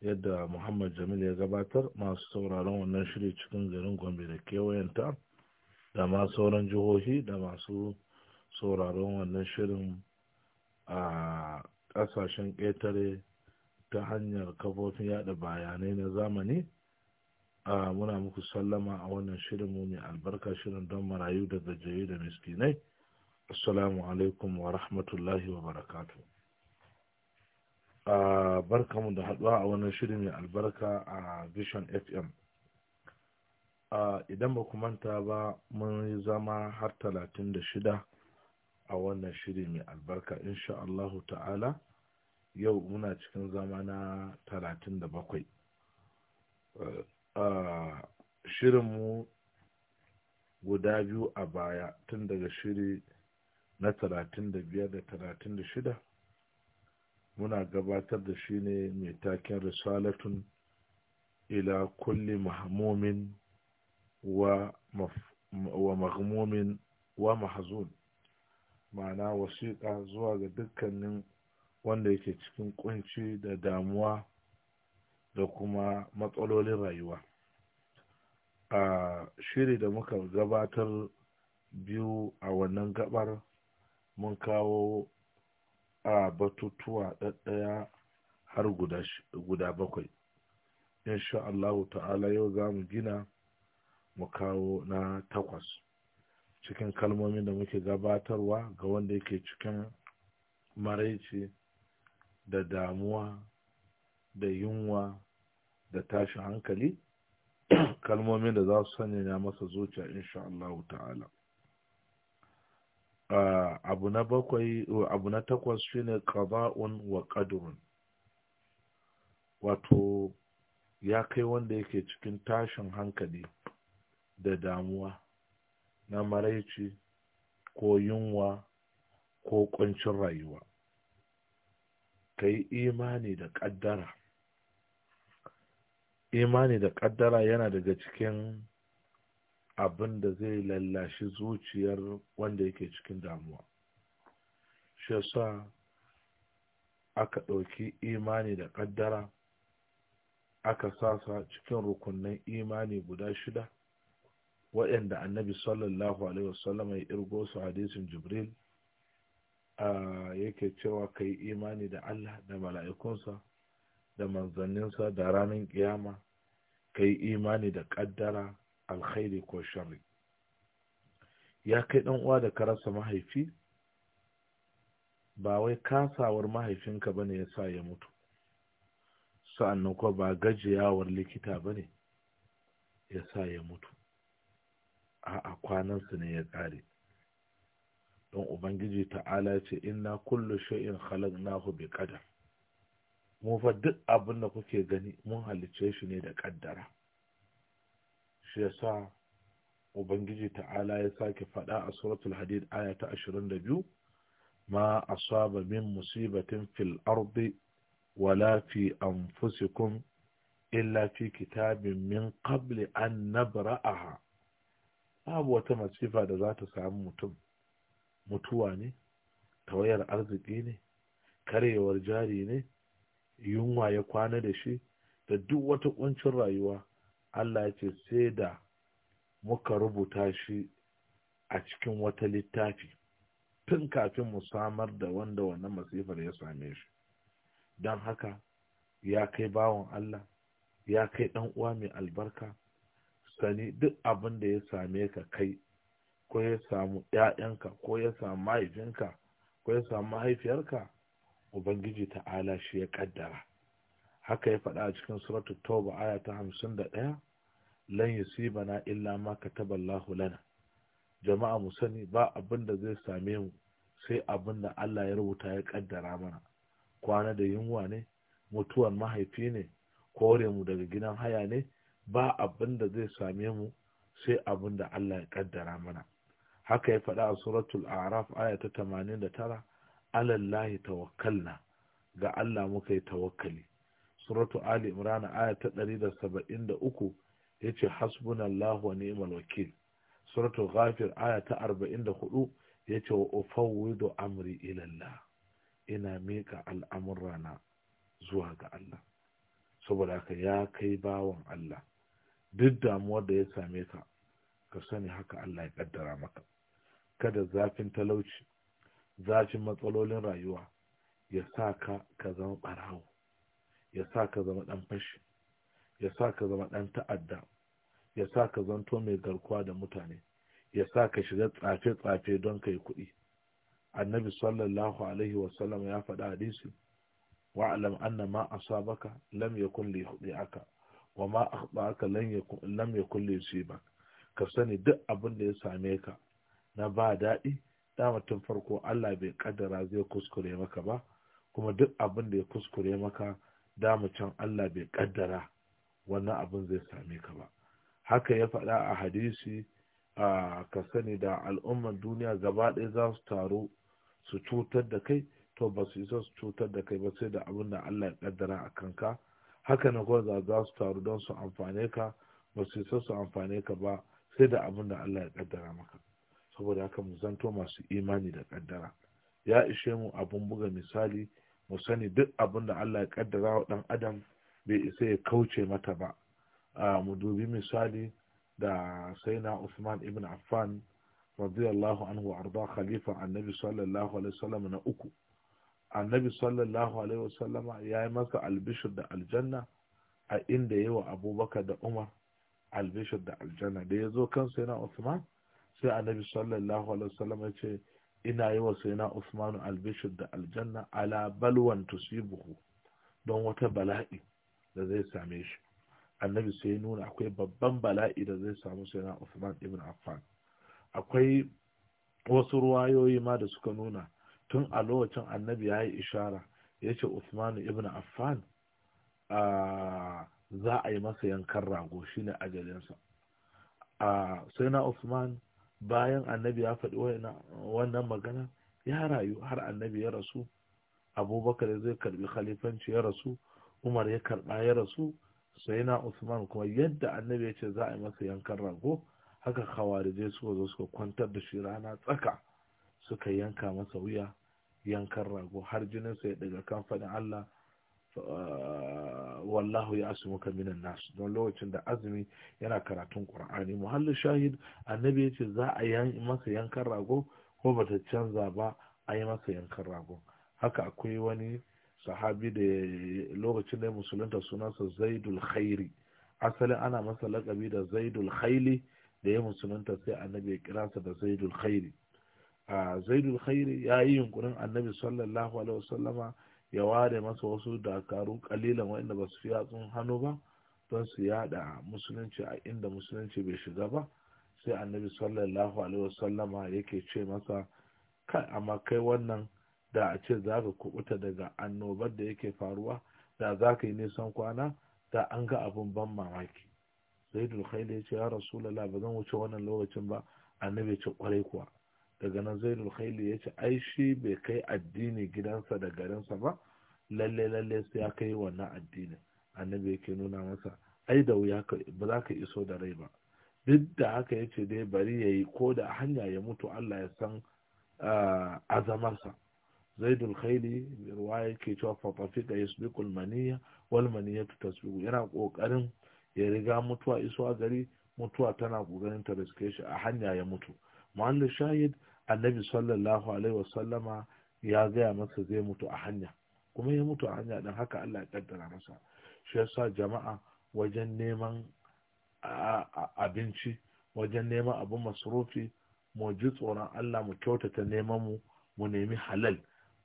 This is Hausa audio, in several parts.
yadda muhammad jamil ya gabatar masu sauraron wannan shiri cikin garin gombe da kewayenta da masu sauran jihohi da masu sauraron wannan shirin a ƙasashen ƙetare ta hanyar kafofin yada bayanai na zamani a muna muku sallama a wannan shirin mu mai albarka shirin don marayu da gajiyoyi da miskinai assalamu alaikum wa rahmatullahi wa barakatuh barkamu da haduwa a wannan shiri mai albarka a vision fm idan ba manta ba mun yi zama har talatin da a wannan shiri mai albarka insha allahu ta'ala yau muna cikin zama na talatin da bakwai shirinmu guda biyu a baya tun daga shiri na talatin da biyar shida muna gabatar da shi ne mai taken risalatun ila kulli mahmumin wa mahmumin wa mahazun ma'ana wasiƙa zuwa ga dukkanin wanda yake cikin kunci da damuwa da kuma matsalolin rayuwa a shiri da muka gabatar biyu a wannan gabar mun kawo a batutuwa ɗaya har guda bakwai insha Allah ta'ala yau za mu gina mu kawo na takwas cikin kalmomin da muke gabatarwa ga wanda yake cikin maraici da damuwa da yunwa da tashin hankali kalmomin da za su sanya masa zuciya insha Allah ta'ala Ah, abu na bakwai abu na takwas shine ƙaba'un wa qadrun wato ya kai wanda yake cikin tashin hankali da damuwa na maraici ko yunwa ko kuncin rayuwa ka yi imani da ƙaddara imani da ƙaddara yana daga cikin abin da zai lallashi zuciyar wanda yake cikin damuwa shi yasa aka ɗauki imani da ƙaddara aka sasa cikin rukunin imani guda shida waɗanda annabi sallallahu alaihi wasallam ya irgo su hadisin jibril yake cewa ka yi imani da allah da mala'ikunsa da manzanninsa da ranar kiyama ka yi imani da ƙaddara alkhairi ko sharri ya kai ɗan uwa da ka rasa mahaifi ba wai kasawar mahaifinka bane ya sa ya mutu sa'annan kuma ba gajiyawar likita bane ya sa ya mutu a kwanansu ne ya ƙare don ubangiji ta'ala ce inna kullu shay'in khalaqnahu bi qadar mu fa duk abin da kuke gani mun halicce shi ne da kaddara shi yasa ubangiji ta'ala ya sake faɗa a suratul hadid aya ta 22 ma asaba min musibatin fil ardi wala fi anfusikum illa fi kitabin min qabli an nabra'aha babu wata masifa da za ta samu mutum mutuwa ne tawayar arziki ne karewar jari ne yunwa ya kwana da shi da duk wata kuncin rayuwa Allah ya ce sai da muka rubuta shi a cikin wata littafi tun kafin mu samar da wanda wannan masifar ya same shi don haka ya kai bawan Allah ya kai ɗan uwa mai albarka sani duk abin da ya same ka kai ko ya samu ‘ya'yanka ko ya samu mahaifinka ko ya samu mahaifiyarka ubangiji ta'ala shi ya ƙaddara haka ya faɗa a cikin suratu toba aya ta hamsin da ɗaya lan bana illa ma ka taba lana jama'a mu sani ba abin da zai same mu sai abin da Allah ya rubuta ya ƙaddara mana kwana da yunwa ne mutuwar mahaifi ne kore mu daga gidan haya ne ba abin da zai same mu sai abin da Allah ya ƙaddara mana haka ya faɗa a suratul araf aya ta tamanin da tara, alallahi tawakkalna ga Allah muka yi tawakkali suratu ali imran aya ta 173 yace hasbunallahu wa ni'mal wakil suratu ghafir aya ta 44 yace wa ufawwidu amri ila Allah ina mika al'amurana zuwa ga Allah saboda haka ya kai bawan Allah duk damuwar da ya same ka ka sani haka Allah ya kaddara maka kada zafin talauci zafin matsalolin rayuwa ya sa ka ka zama barawo ya sa ka zama ɗan fashi ya sa ka zama ɗan ta'adda ya sa ka zanto mai garkuwa da mutane ya sa ka shiga tsafe-tsafe don ka yi kuɗi annabi sallallahu alaihi wasallam ya faɗa hadisi alam anna ma asabaka lam yakun li aka wa ma akhta'aka lam yakun li yusibak ka sani duk abin da ya same ka na ba daɗi dama tun farko Allah bai kaddara zai kuskure maka ba kuma duk abin da ya kuskure maka can Allah bai kaddara wannan abin zai same ka ba haka ya faɗa a hadisi a ka sani da al'ummar duniya gaba ɗaya za su taru su cutar da kai to ba su isa su cutar da kai ba sai da abin da Allah ya kaddara a kanka haka na gwaza za su taru don su amfane ka ba su isa su amfane ka ba sai da abin da Allah ya kaddara maka saboda haka mu zanto masu imani da kaddara ya ishe mu abun buga misali mu sani duk abin da Allah ya kaddara wa ɗan adam bai isa ya kauce mata ba mu dubi misali da saina Usman ibn Affan radiyallahu anhu arda khalifa annabi sallallahu alaihi wasallam na uku annabi sallallahu alaihi wasallama ya yi masa albishir da aljanna a inda yi wa abubakar da umar albishir da aljanna da ya zo kan sai usman sai annabi sallallahu alaihi wasallama ya ce ina yi wa sayyidina Usman albishir da aljanna ala balwan tusibuhu don wata bala'i da zai same shi annabi sai nuna akwai babban bala'i da zai samu Saina Usman ibn Affan akwai wasu ruwayoyi ma da suka nuna tun a lokacin annabi ya yi ishara ya ce Usman ibn Affan za a yi masa yankan rago shine ajalinsa sai na Usman bayan annabi ya faɗi wannan magana ya rayu har annabi ya rasu abubakar zai karbi khalifanci ya rasu umar ya karɓa ya rasu sai na usman kuma yadda annabi ya ce za a yi masa yankan rago haka khawarije suka zo suka kwantar da shi rana tsaka suka yanka masa wuya yankan rago har jininsa ya daga kamfanin allah wallahu ya muka minan nasu don lokacin da azumi yana karatun ƙur'ani muhallin shahid annabi ce za a yi masa yankan rago ko bata canza ba a yi masa yankan rago haka akwai wani sahabi da lokacin da ya musulunta sunansa zaidul khairi asalin ana masa lakabi da zaidul khaili da ya musulunta sai annabi ya kira sa da zaidul khairi a zaidul khairi ya yi yunkurin annabi sallallahu alaihi wasallama ya ware masa wasu dakaru kalilan wanda ba su fi yatsun hannu ba don su yada musulunci a inda musulunci bai shiga ba sai annabi sallallahu alaihi wasallama yake ce masa kai amma kai wannan da a ce za ka kubuta daga annobar da yake faruwa da za ka yi nisan kwana da an ga abin ban mamaki sai dulkhail ya ce ya rasulallah ba zan wuce wannan lokacin ba annabi ce kwarai kuwa daga nan zainul khaili ya ce ai shi bai kai addini gidansa da garinsa ba lalle lalle sai ya kai wannan addini annabi yake nuna masa ai da wuya ba za ka iso da rai ba duk da haka ya ce dai bari ya yi ko da hanya ya mutu allah ya san ah, azamarsa zaidul khaili ruwa yake cewa fatafika yasbiqul maniya wal ta tasbiqu yana kokarin ya riga mutuwa iso a gari mutuwa tana kokarin ta riske shi a hanya ya mutu muhallu shahid annabi sallallahu alaihi wasallama ya gaya masa zai mutu a hanya kuma ya mutu a hanya don haka Allah ya kaddara masa shi yasa jama'a wajen neman abinci wajen neman abin masarufi mu ji tsoron Allah mu kyautata neman mu mu nemi halal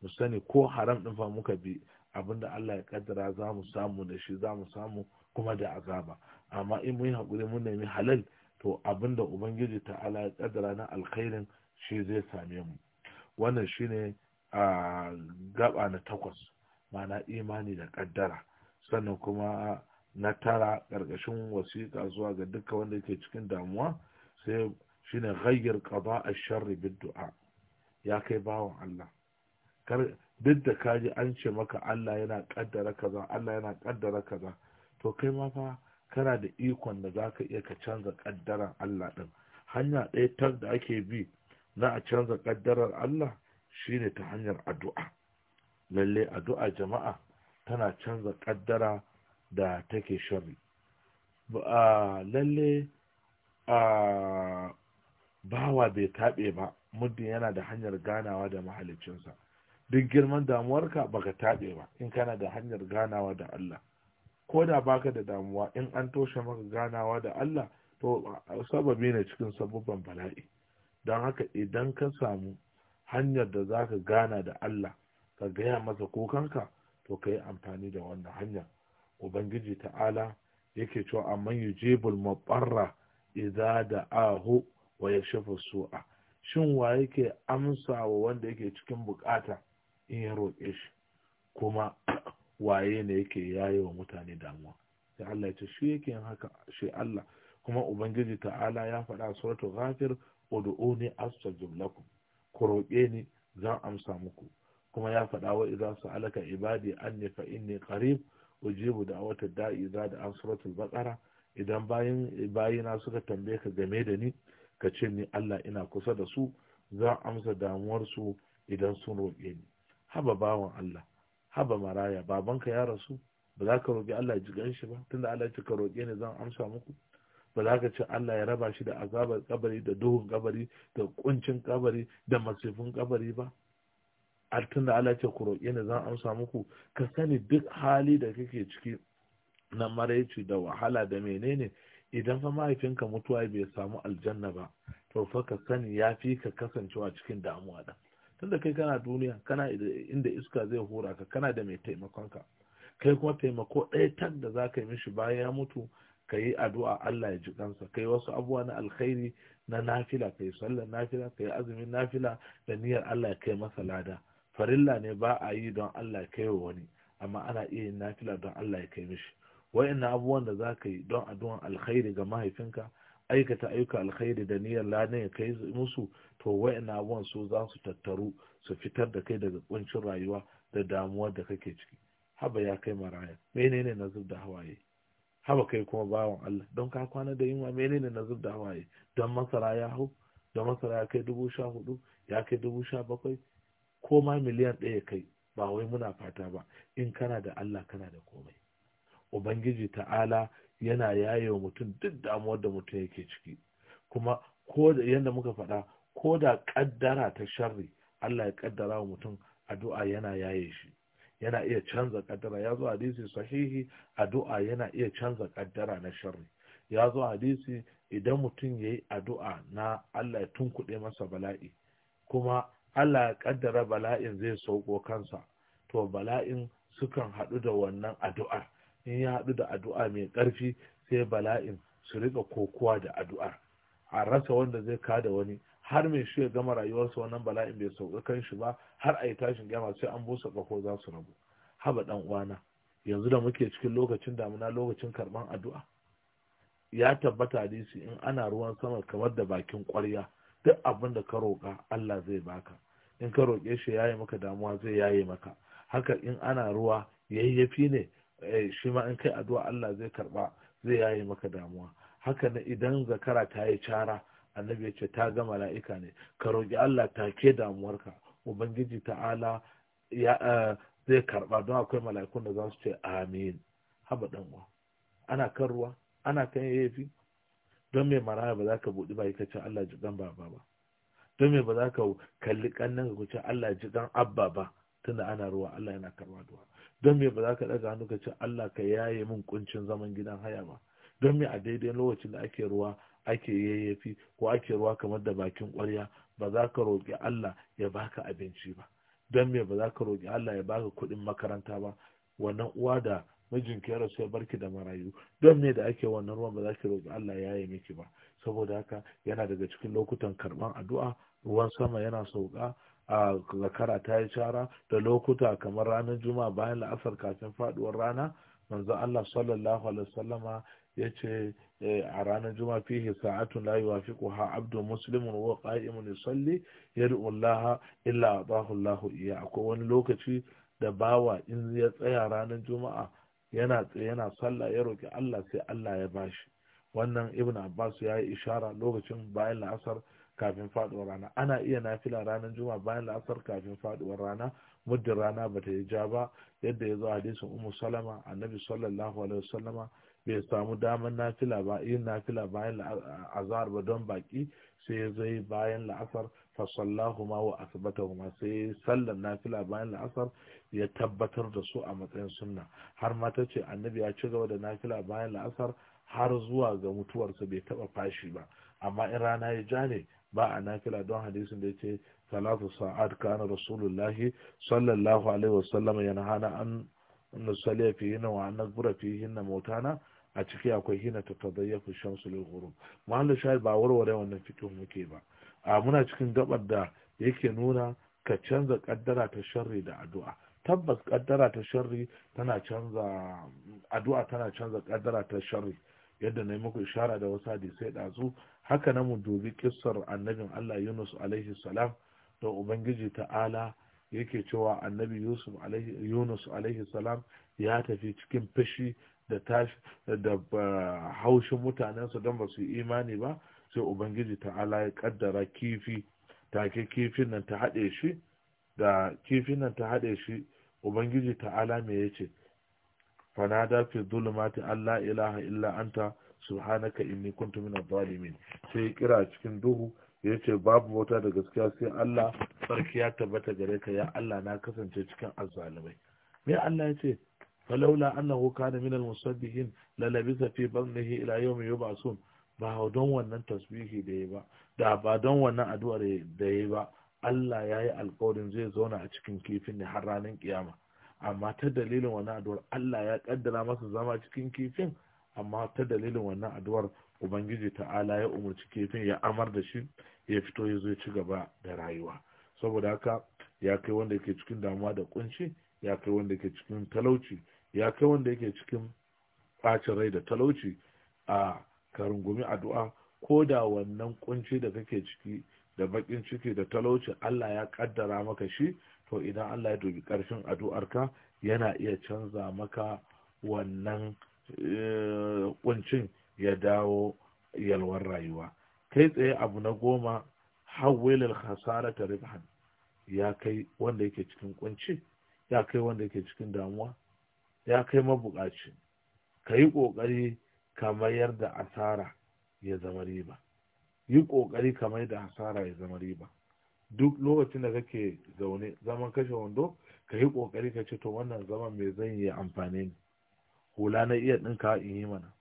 mu sani ko haram din fa muka bi abinda Allah ya kaddara za mu samu da shi za mu samu kuma da azaba amma in mun yi hakuri mun nemi halal to abinda ubangiji ta'ala ya kaddara na alkhairin shi zai same mu wannan shine a gaba na takwas mana imani da kaddara sannan kuma na tara ƙarƙashin wasiƙa zuwa ga duka wanda ke cikin damuwa sai shi ne ghayyar ƙaba a sharri bid-du'a ya kai bawan Allah kar duk da kaji an ce maka Allah yana ƙaddara kaza Allah yana ƙaddara kaza to kai ma fa kana da ikon da za ka iya ka canza ƙaddaran Allah ɗin? hanya ɗaya tar da ake bi na a canza kaddarar Allah shine ta hanyar addu'a lalle addu'a jama'a tana canza kaddara da take sharri lalle a bawa bai taɓe ba muddin yana da hanyar ganawa da mahalicinsa duk girman damuwarka baka taɓe ba in kana da hanyar ganawa da Allah ko da baka da damuwa in an toshe maka ganawa da Allah to sababi ne cikin sabubban bala'i don haka idan ka samu hanyar da za ka gana da Allah ka gaya masa kukanka to ka yi amfani da wannan hanya ubangiji ta'ala yake cewa amman yujibul mabarra da aho wa ya shafa su'a shin wa yake amsawa wanda yake cikin bukata in ya roƙe shi kuma waye ne yake yaye wa mutane damuwa sai Allah ya ce shi yake yin haka shi Allah kuma ubangiji ta'ala ya faɗa suratul ghafir ud'uni astajib lakum ku roƙe ni zan amsa muku kuma ya faɗa wa idza sa'alaka ibadi anni fa inni qarib ujibu da'wata da'i za da an suratul baqara idan bayin bayina suka tambaye ka game da ni ka ce ni Allah ina kusa da su zan amsa damuwar su idan sun roƙe ni haba bawan Allah haba maraya babanka ya rasu ba za ka roƙi Allah ji ganshi ba tunda Allah ya ce ka roƙe ni zan amsa muku ba za ka ci Allah ya raba shi da azabar kabari da duhun kabari da kuncin kabari da masifin kabari ba tun da Allah ce ku roƙi ne zan amsa muku ka sani duk hali da kake ciki na maraici da wahala da menene idan fa mahaifinka mutuwa bai samu aljanna ba to fa ka sani ya fi ka kasancewa cikin damuwa da tunda kai kana duniya kana inda iska zai hura ka kana da mai taimakonka kai kuma taimako ɗaya tan da za ka yi mishi bayan ya mutu ka yi addu'a Allah ya ji kansa ka wasu abuwa na alkhairi na nafila ka yi sallar nafila ka azumin nafila da niyyar Allah ya kai masa lada farilla ne ba a yi don Allah ya kai wa wani amma ana iya yin nafila don Allah ya kai mishi wa'annan abubuwan da za ka yi don addu'an alkhairi ga mahaifinka aikata ayyuka alkhairi da niyyar lada ya kai musu to wa'annan abubuwan su za su tattaru su fitar da kai daga kuncin rayuwa da damuwar da kake ciki haba ya kai maraya menene nazar da hawaye haba kai kuma bawan Allah don ka kwana da yunwa menene na zub da hawaye don masara ya hau don masara ya kai dubu sha hudu ya kai dubu sha bakwai ko ma miliyan ɗaya kai ba wai muna fata ba in kana da Allah kana da komai ubangiji ta'ala yana yaye wa mutum duk damuwar da mutum yake ciki kuma ko da yadda muka faɗa ko da kaddara ta sharri Allah ya kaddara wa mutum addu'a yana yaye shi yana iya canza kaddara ya zo hadisi sahihi addu'a yana iya canza kaddara na sharri ya zo hadisi idan mutum ya yi addu'a na Allah ya tunkuɗe masa bala'i kuma Allah ya kaddara bala'in zai sauko kansa to bala'in sukan haɗu da wannan addu'a in ya haɗu da addu'a mai ƙarfi sai bala'in su riƙa kokowa da addu'a a rasa wanda zai kada wani har mai shi ya gama rayuwarsa wannan bala'in bai sauka kan shi ba har a yi tashin gyama sai an busa kafo za su rabu haba dan uwana yanzu da muke cikin lokacin damuna lokacin karban addu'a ya tabbata hadisi in ana ruwan sama kamar da bakin kwarya duk abin da ka roƙa Allah zai baka in ka roƙe shi yayi maka damuwa zai yaye maka haka in ana ruwa yayyafi ne eh, shi ma in kai addu'a Allah zai karba zai yaye maka damuwa haka na idan zakara ta yi cara annabi ya ce ta ga mala'ika ne ka roƙi Allah ta ke damuwarka ubangiji ta'ala eh, zai karɓa don akwai mala'ikun da za su ce amin haba dan uwa ana kan ruwa ana kan yafi don me maraya ba za ka buɗi ba ka ce Allah ji baba ba don me ba za ka kalli kannan ka ce Allah ji abba ba tunda ana ruwa Allah yana karɓa duwa don me ba za ka ɗaga hannu ka ce Allah ka yaye min kuncin zaman gidan haya ba don me a daidai lokacin da ake ruwa ake yayyafi ko ake ruwa kamar da bakin ƙwarya ba za ka roƙi Allah ya baka abinci ba don me ba za ka roƙi Allah ya baka kuɗin makaranta ba wannan uwa da mijin ki rasu ya barki da marayu don me da ake wannan ruwan ba za ki roƙi Allah ya yi miki ba saboda haka yana daga cikin lokutan karɓan addu'a ruwan sama yana sauka a zakara ta yi shara da lokuta kamar ranar juma'a bayan la'asar kafin faɗuwar rana manzo Allah sallallahu alaihi wasallama yace eh, a ranar juma'a fihi sa'atun la yuwafiquha abdu muslimun wa qa'imun yusalli yad'u Allah illa atahu Allah iya akwai wani lokaci da bawa in ya tsaya ranar juma'a yana yana sallah ya roki Allah sai Allah ya bashi wannan ibn Abbas ya yi ishara lokacin bayan la'asar kafin faduwar rana ana iya nafila ranar juma'a bayan la'asar kafin faduwar rana muddin rana ta yi ja ba yadda ya zo hadisin umu salama annabi sallallahu alaihi wasallama bai samu damar nafila ba yin nafila bayan azhar ba don baki sai ya zai bayan la'asar fasallahu ma wa asbatahu ma sai sallan nafila bayan la'asar ya tabbatar da su a matsayin sunna har ma ta ce annabi ya ci gaba da nafila bayan la'asar har zuwa ga mutuwarsa bai taba fashi ba amma in rana ya ja ne ba a nafila don hadisin da ya ce ثلاث ساعات كان رسول الله صلى الله عليه وسلم ينهانا أن نصلي فيهن وأن نكبر فيهن موتانا a ciki akwai hina ta tadayyafu shamsu lil ba warware wannan fikihun muke ba a muna cikin gabar da yake nuna ka canza kaddara ta da addu'a tabbas kaddara ta sharri tana canza addu'a tana canza kaddara ta sharri yadda na yi muku ishara da wasu hadisai ɗazu haka na mu dubi kissar annabin Allah Yunus alaihi salam da ubangiji ta'ala yake cewa annabi yusuf yunus alaihi salam ya tafi cikin fashi da tashi da haushin mutanensa don ba su yi imani ba sai ubangiji ta'ala ya kaddara kifi take kifin nan ta haɗe shi da kifin nan ta haɗe shi ubangiji ta'ala me ya ce fanada fi zulumati allah ilaha illa anta subhanaka inni kuntu min zalimin sai kira cikin duhu ya ce babu bauta da gaskiya sai Allah sarki ya tabbata gare ka ya Allah na kasance cikin azzalumai me Allah ya ce falaula annahu kana min al-musaddiqin la labisa fi batnihi ila yawmi yub'asun ba don wannan tasbihi da yayi ba da ba don wannan addu'ar da yayi ba Allah ya yi alƙawarin zai zauna a cikin kifin ne har ranar kiyama amma ta dalilin wannan addu'ar Allah ya kaddara masa zama cikin kifin amma ta dalilin wannan addu'ar Ubangiji ta'ala ya umarci kifin ya amar da shi ya fito ya zo ci gaba da rayuwa saboda haka ya kai wanda yake cikin damuwa da kunci ya kai wanda yake cikin talauci ya kai wanda yake cikin bacin rai da talauci a karungumi addu'a ko da wannan kunci da kake ciki da bakin ciki da talauci Allah ya kaddara maka shi to idan Allah ya dubi karfin addu'arka yana iya canza maka wannan eh, kuncin ya dawo yalwar rayuwa kai tsaye abu na goma hawwilil ta ribhan ya kai wanda yake cikin kunci ya kai wanda yake cikin damuwa ya kai mabukaci ka yi ƙoƙari ka mayar da asara ya zama riba yi ƙoƙari ka mayar da asara ya zama riba duk lokacin da kake zaune zaman kashe wando ka yi ƙoƙari ka ce to wannan zaman mai zan yi amfani ne hula na iya ɗinka in yi mana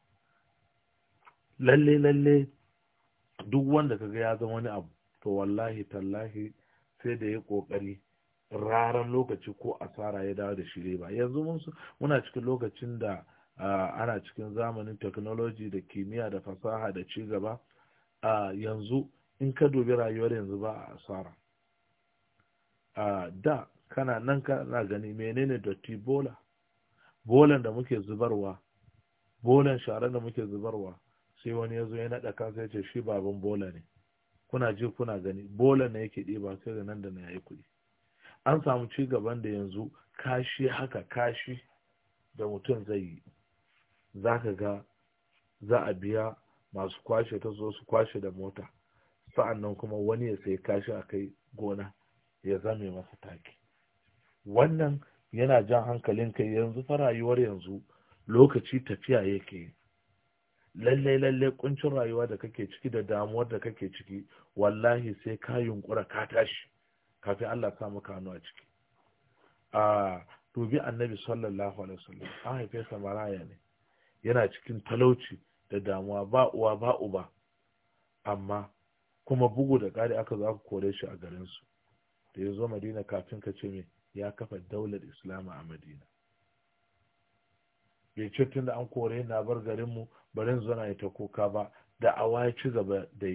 lalle lalle duk wanda kaga ya zama wani abu to wallahi tallahi sai da ya kokari raran lokaci ko asara ya dawo da shirye ba yanzu muna cikin lokacin da ana cikin zamanin technology da kimiyya da fasaha da ci gaba yanzu in ka dubi rayuwar yanzu ba a asara da kana nan kana gani menene dotti bola bolan da muke zubarwa bolan sharar da muke zubarwa sai wani ya zo ya naɗa kansa ya ce shi baban bola ne kuna ji kuna gani bola ne yake ɗiba sai da nan da na yi kuɗi an samu ci gaban da yanzu kashi haka kashi da mutum zai yi za ka ga za a biya masu kwashe ta zo su kwashe da mota sa'annan kuma wani ya sai kashi a kai gona ya zame masa taki wannan yana jan hankalin kai yanzu fa rayuwar yanzu lokaci tafiya yake yi. lallai lallai kuncin rayuwa da kake ciki da damuwar da kake ciki wallahi sai ka yunkura ka tashi kafin Allah sa samu kanu a ciki a dubi annabi sallallahu alaihi wasallam an haife sa maraya ne yana cikin talauci da damuwa ba uwa ba uba amma kuma bugu da ƙari aka zo aka kore shi a garinsu da ya zo madina kafin ka ce me ya kafa daular islam a madina Yace ce tun da an kore na bar garinmu barin zana ya ta kuka ba da awa ya ci gaba da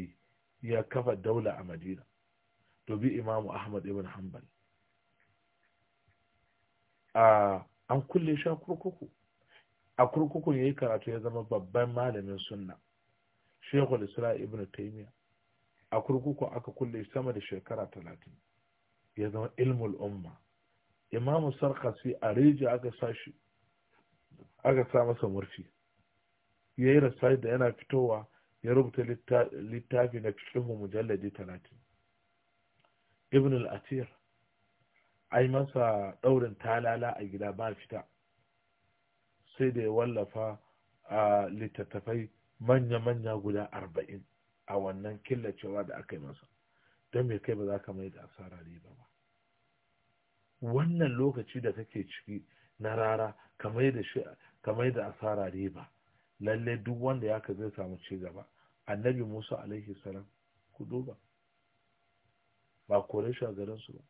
ya kafa daula a madina bi imamu ahmad ibn hanbal an kulle shi a kurkuku a kurkukun ya yi karatu ya zama babban malamin sunna shekul isra ibn taimiya a kurkuku aka kulle sama da shekara talatin ya zama ilmul umma imamu sarkasi a rijiya aka sashi aka sa masa murfi ya yi rasai da yana fitowa ya rubuta littafi na fikihu mujallaji talatin ibn al-atir ai masa ɗaurin talala a gida ba fita sai da ya wallafa a littattafai manya-manya guda arba'in a wannan killacewa da aka yi masa don mai kai ba za ka mai da asara riba ba wannan lokaci da kake ciki na rara ka mai da shi kamar da asara riba lalle duk wanda ya ka zai samu ci gaba annabi musa alaihi salam ku duba ba kore shi a garin su ba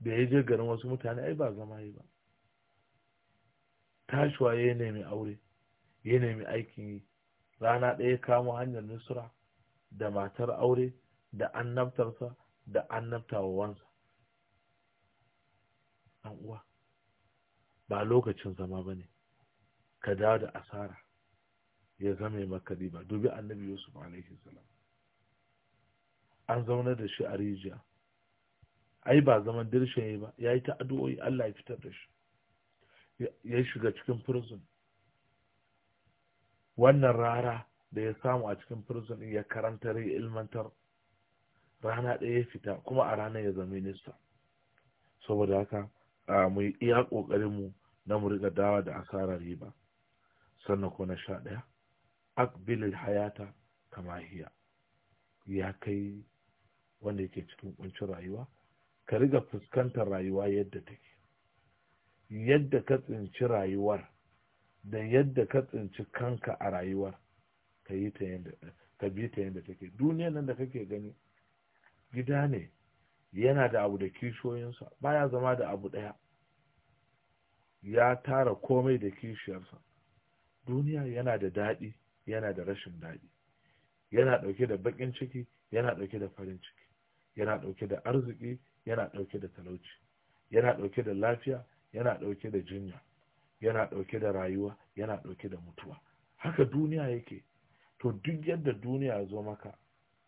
da je garin wasu mutane ai ba zama yi ba tashiwa ya nemi aure ya nemi aikin yi rana ɗaya kamo hanyar nusra da matar aure da annabtarsa da wansa an uwa ba lokacin zama ba ne ka dawo da asara ya zama maka riba dubi annabi yusuf alaihi salam an zauna da shi a rijiya ai ba zaman dirshe ne ba ya yi ta addu'o'i Allah ya fitar da shi ya shiga cikin prison wannan rara da ya samu a cikin prison ya karanta ya ilmantar rana ɗaya ya fita kuma a ranar ya zama minista saboda haka a mu iya ƙoƙarinmu na mu riga dawa da asarar riba sannan ko na sha ɗaya akbil hayata kama hiya ya kai wanda yake cikin kuncin rayuwa ka riga fuskantar rayuwa yadda take yadda ka tsinci rayuwar da yadda ka tsinci kanka a rayuwar ka yi ta yadda take duniya nan da kake gani gida ne yana da abu da kishiyoyinsa baya zama da abu ɗaya ya tara komai da kishiyarsa duniya yana da daɗi yana da rashin daɗi yana ɗauke da baƙin ciki yana ɗauke da farin ciki yana ɗauke da arziki yana ɗauke da talauci yana ɗauke da lafiya yana ɗauke da jinya yana ɗauke da rayuwa yana ɗauke da mutuwa haka duniya yake to duk yadda duniya zo maka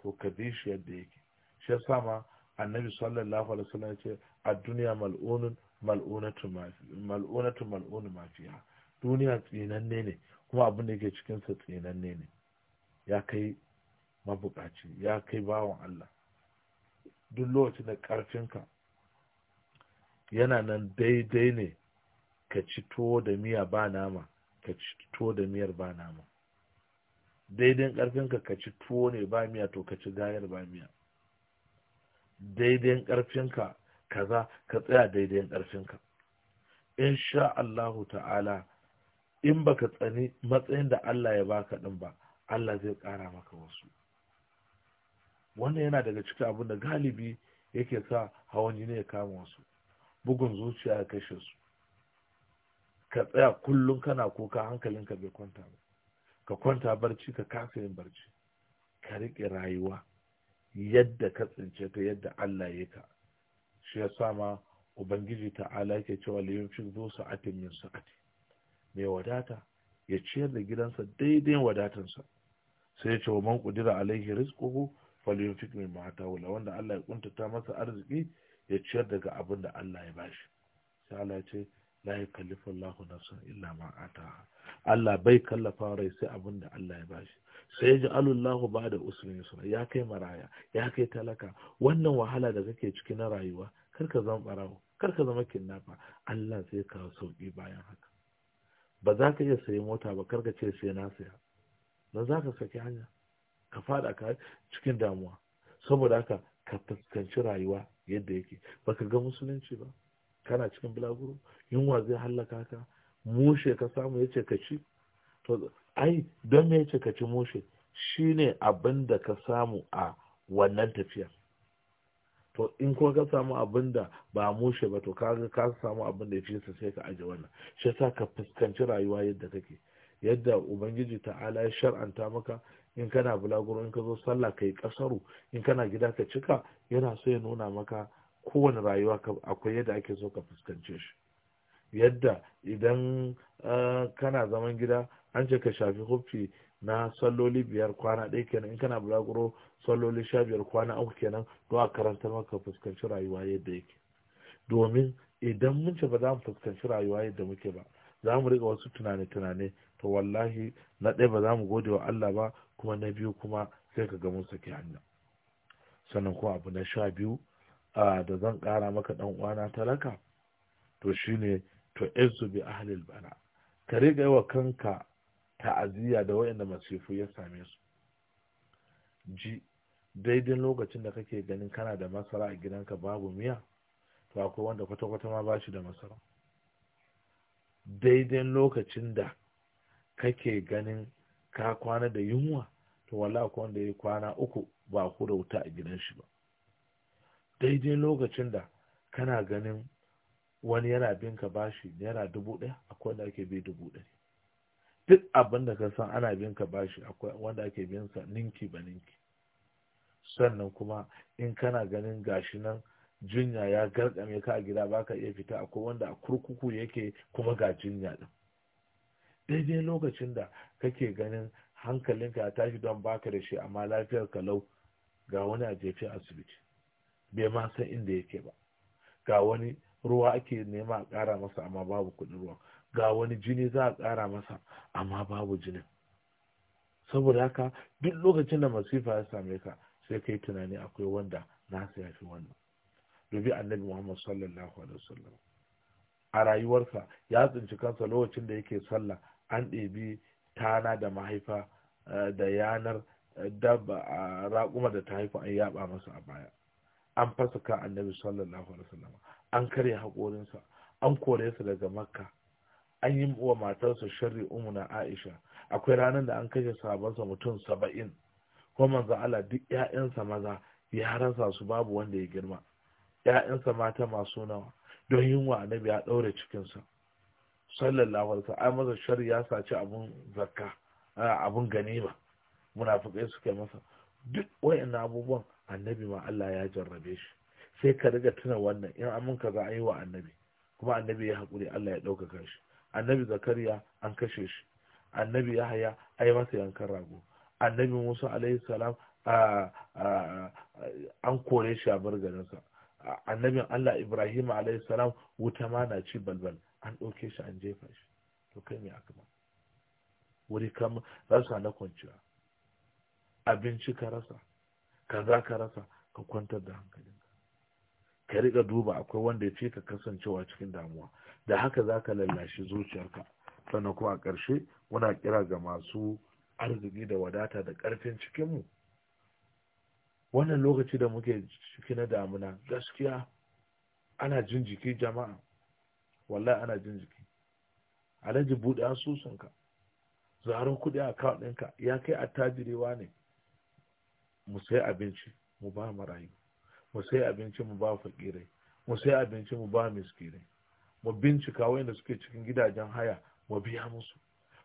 to ka bi shi yadda yake shi sa ma annabi sallallahu alaihi wasallam ya ce a duniya mal'unun mal'unatu mal'unatu mal'unu mafiya duniya tsinanne ne kuma abin da yake cikin sa tsinanne ne ya kai mabukaci ya kai bawan Allah duk lokacin da karfinka yana nan daidai ne ka ci tuwo da miya ba nama ka ci tuwo da miyar ba nama daidai karfinka ka ci tuwo ne ba miya to ka ci gayar ba miya daidai ƙarfinka kaza ka tsaya daidai ƙarfinka in sha Allahu ta'ala in baka tsani matsayin da Allah ya baka ɗin ba Allah zai ƙara maka wasu wannan yana daga cikin abin da galibi yake sa hawan jini ya kama wasu bugun zuciya ya kashe su ka tsaya kullum kana kuka hankalinka bai kwanta ba ka kwanta barci ka kasa yin barci ka riƙe rayuwa yadda ka tsince ka yadda Allah ya ka shi ya ma ubangiji ta'ala ke cewa liyun fi zo sa'atin min sa'ati mai wadata ya ciyar da gidansa daidai wadatansa sai ya ce wa man kudira alaihi rizquhu falyunfiq mimma atawala wanda Allah ya kuntata masa arziki ya ciyar daga abin da Allah ya bashi sai Allah ya ce la yukallifu Allahu nafsan illa ma ataha Allah bai kallafa rai sai abin da Allah ya bashi sai ya ji alullahu ba da usulin yusra ya kai maraya ya kai talaka wannan wahala da kake ciki na rayuwa kar ka zama barawo kar ka zama kinnafa Allah zai kawo sauki bayan haka ba za ka iya sayi mota ba kar ce sai na saya ba za ka saki hanya ka fada ka cikin damuwa saboda haka ka fuskanci rayuwa yadda yake baka ga musulunci ba kana cikin bulaguro yunwa zai hallaka ka mushe ka samu ya ce ka ci to ai don me ya ce ka ci mushe shine abin da ka samu a wannan tafiya to in kuma ka samu abin da ba mushe ba to kaga ka samu abin da ya fi sai ka aje wannan shi yasa ka fuskanci rayuwa yadda kake yadda ubangiji ta'ala ya shar'anta maka in kana bulaguro in ka zo sallah kai kasaru in kana gida ka cika yana so ya nuna maka kowane rayuwa akwai yadda ake so ka fuskance shi yadda idan kana zaman gida an ce ka shafi hufi na salloli biyar kwana ɗaya kenan in kana bulaguro salloli sha biyar kwana uku kenan to a karanta maka fuskanci rayuwa yadda yake domin idan mun ce ba za mu fuskanci rayuwa yadda muke ba za mu riga wasu tunane-tunane to wallahi na ɗaya ba za mu gode wa Allah ba kuma na biyu kuma sai ka ga mun saki hanya. sannan kuma abu na sha biyu da zan ƙara maka ɗan uwana talaka to shine to insu bi ahlil bala ka riga yi wa kanka ta'aziyya da waɗanda masifu ya same su ji daidai lokacin da kake ganin kana da masara a gidanka babu miya to akwai wanda kwata-kwata ma bashi da masara daidai lokacin da kake ganin ka kwana da yunwa to wala akwai wanda ya kwana uku ba ku da wuta a gidan shi ba daidai lokacin da kana ganin wani yana bin ka bashi naira dubu ɗaya akwai wanda ake bi dubu ɗari duk abin da ka san ana bin ka bashi akwai wanda ake bin sa ninki ba ninki sannan kuma in kana ganin gashi nan jinya ya garkame ka a gida baka iya fita akwai wanda a kurkuku yake kuma ga jinya din daidai lokacin da kake ganin hankalinka ya tashi don baka da shi amma lafiyar kalau ga wani a jefe asibiti bai ma san inda yake ba ga wani ruwa ake nema a ƙara masa amma babu kuɗin ruwa ga wani jini za a ƙara masa amma babu jini. saboda haka duk lokacin da masifa ya same ka sai kai tunani akwai wanda na ya shi wannan dubi annabi muhammad sallallahu alaihi wasallam a rayuwarsa ya tsinci kansa lokacin da yake sallah an ɗebi tana da mahaifa eh, da yanar eh, dabba a raƙuma da ta haifa an yaba masa a baya an fasaka annabi sallallahu alaihi wasallam an karya haƙorinsa an kore su daga makka an yi wa matarsa sharri umuna aisha akwai ranar da an kashe sahabansa mutum saba'in kuma manzo Allah duk ƴaƴansa maza ya rasa su babu wanda ya girma ƴaƴansa mata masu nawa don yunwa annabi ya ɗaure cikinsa sallallahu alaihi wasallam ai maza sharri ya saci abun zakka abun ganima munafikai suke masa duk wayannan abubuwan annabi ma Allah ya jarrabe shi sai ka riga tuna wannan in amin ka za a yi wa annabi kuma annabi ya hakuri Allah ya ɗaukaka shi annabi zakariya an kashe shi annabi yahaya a yi masa yankan rago annabi musa alaihi salam an kore shi a bargarinsa Annabi allah ibrahim alaihi salam wuta ma na ci balbal an ɗauke shi an jefa shi to kai me aka wuri kam rasa na kwanciya abinci ka rasa ka za ka rasa ka kwantar da hankalinka ka riƙa duba akwai wanda ya ce ka kasancewa cikin damuwa da haka za ka lallashi zuciyarka sannan kuma a ƙarshe muna kira ga masu arziki da wadata da ƙarfin cikinmu wannan lokaci da muke ciki na damuna gaskiya ana jin jiki jama'a wallahi ana jin jiki alhaji buɗe asusunka Zaren kuɗi a ɗinka ya kai attajirewa ne mu sai abinci mu ba marayu mu sai abinci mu ba fakirai mu sai abinci mu ba miskirai mu bincika wayanda suke cikin gidajen haya mu biya musu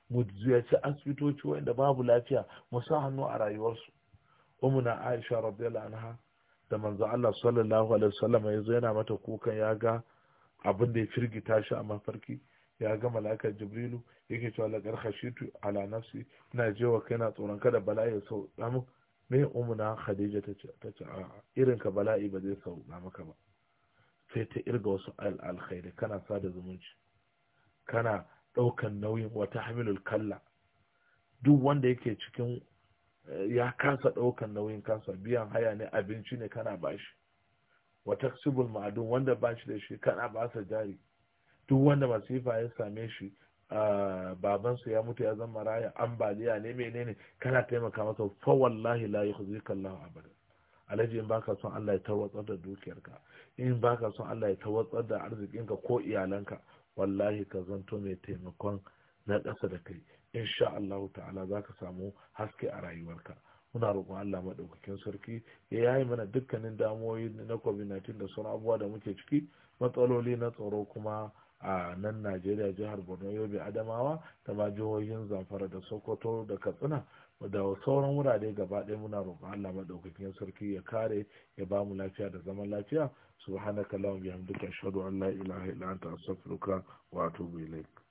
mu ziyarci asibitoci wayanda babu lafiya mu sa hannu a rayuwarsu umuna aisha radiyallahu anha da manzo Allah sallallahu alaihi wasallam ya zo yana mata kukan ya ga abin da ya firgita shi a mafarki ya ga malakar jibrilu yake cewa la khashitu ala nafsi ina jewa kaina tsoron kada bala'i ya sauka me umuna khadija ta ce a irin ka bala'i ba zai sauka maka ba sai ta irga wasu alkhairi kana sada zumunci kana ɗaukan nauyin wata hamilul kalla duk wanda yake cikin eh, ya kasa ɗaukan nauyin kansa biyan haya ne abinci ne kana bashi wata sibul ma'adun wanda bashi da shi kana basa jari duk wanda masifa ya same shi Ah, babansu ya mutu ya zama raya ambaliya ne menene kana taimaka masa fa wallahi la yukhzika Allah abada alaji in baka son Allah ya tawatsar da dukiyarka in baka son Allah ya tawatsar da arzikinka ko iyalanka wallahi ka zanto mai taimakon na ƙasa da kai insha Allah ta'ala zaka samu haske a rayuwarka muna roƙon Allah maɗaukakin sarki ya yayi mana dukkanin damuwoyi na covid-19 da sauran abubuwa da muke ciki matsaloli na tsaro kuma a nan najeriya jihar borno yobe adamawa ta ma jihohin zamfara da sokoto da katsina da sauran wurare gaba ɗaya muna roƙon allah maɗaukakin sarki ya kare ya ba mu lafiya da zaman lafiya subhanaka lahum bihamdika ashhadu an la ilaha illa anta astaghfiruka wa atubu ilaik